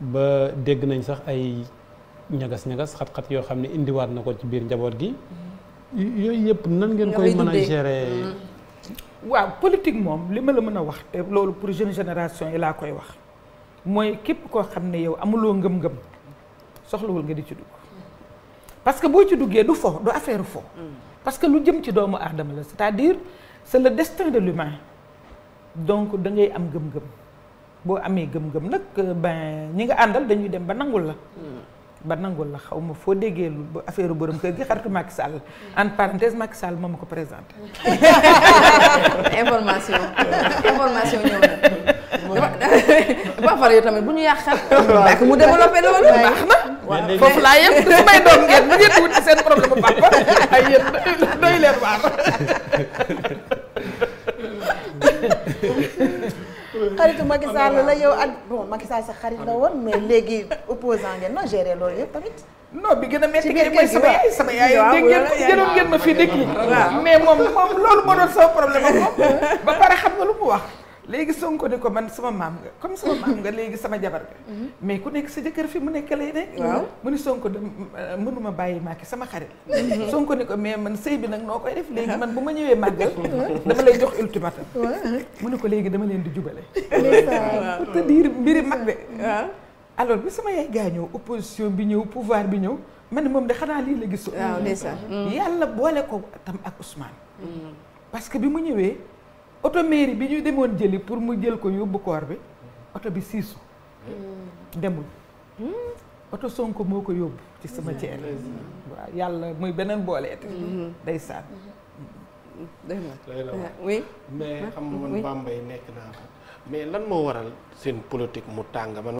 ba dégg nañ sax ay ñagas-ñagas xat-xat yoo xam ne indiwaat na ko ci biir njaboot gi. yooyu yëpp nan ngeen koy mën a gérer. Mm-hmm. waaw politique moom li ma la mën a wax loolu pour jeune yi laa koy wax mooy képp koo xam ne yow amuloo ngëm-ngëm soxlawul nga di ci dugg. parce que boo ci duggee du fo du affaire fo. Mm. parce que lu jëm ci doomu aadama la c'est-à-dire c'est le destin de l'humain donc da am ngëm-ngëm. boo amee gëm-gëm nag euh, ben ñi nga àndal dañuy dem ba nangul la. Hmm. ba nangul la xaw ma foo déggee lu ba affaire borom kër gi xaritu Macky Sall. Hmm. en parenthèse Macky Sall moom ma ko présenté. information information ñëw na. dafa far tamit bu ñu yàqal. ak mu développé la baax na. foofu laa yem su may doom ngeen bu ngeen wuti seen problème bu baax ay yéen doy leen waar. xaritu Macky Sall la yow ak bon Macky sa xarit la woon mais léegi opposant ngeen noo gérer loolu yëpp tamit. non bi gën a métti kay mooy sama yaay sama yaay dégg ngeen jëloon ngeen ma fii dëkk yi. mais moom moom loolu moo doon sama problème ak moom ba pare xam nga lu mu wax. léegi Sonko ne ko man sama maam nga comme sama maam nga léegi sama jabar nga mhm. mais ku nekk sa jëkkër fi mu nekk la nekk mu ni Sonko de euh, mënuma bàyyi Macky sama xarit mhm. Sonko ne ko mais man sëy bi nag noo koy def léegi man bu ma ñëwee màggal dama lay jox ultimatum mu ne ko léegi dama leen di jubale pour te dire mbiri mag de alors bi sama yaay gaañoo opposition bi ñëw pouvoir bi ñëw man ne moom de xanaa lii la gis gisu yàlla boole ko tam ak Ousmane mhm. parce que bi mu ñëwee oto mairie bi ñu demoon jëli pour mu jël ko yóbbu koor bi oto bi siisu hmm. demul oto hmm. Sonko moo ko yóbbu ci sama hmm. ceen waaw yàlla muy beneen booleete day saan mais lan moo waral seen politique mu tàng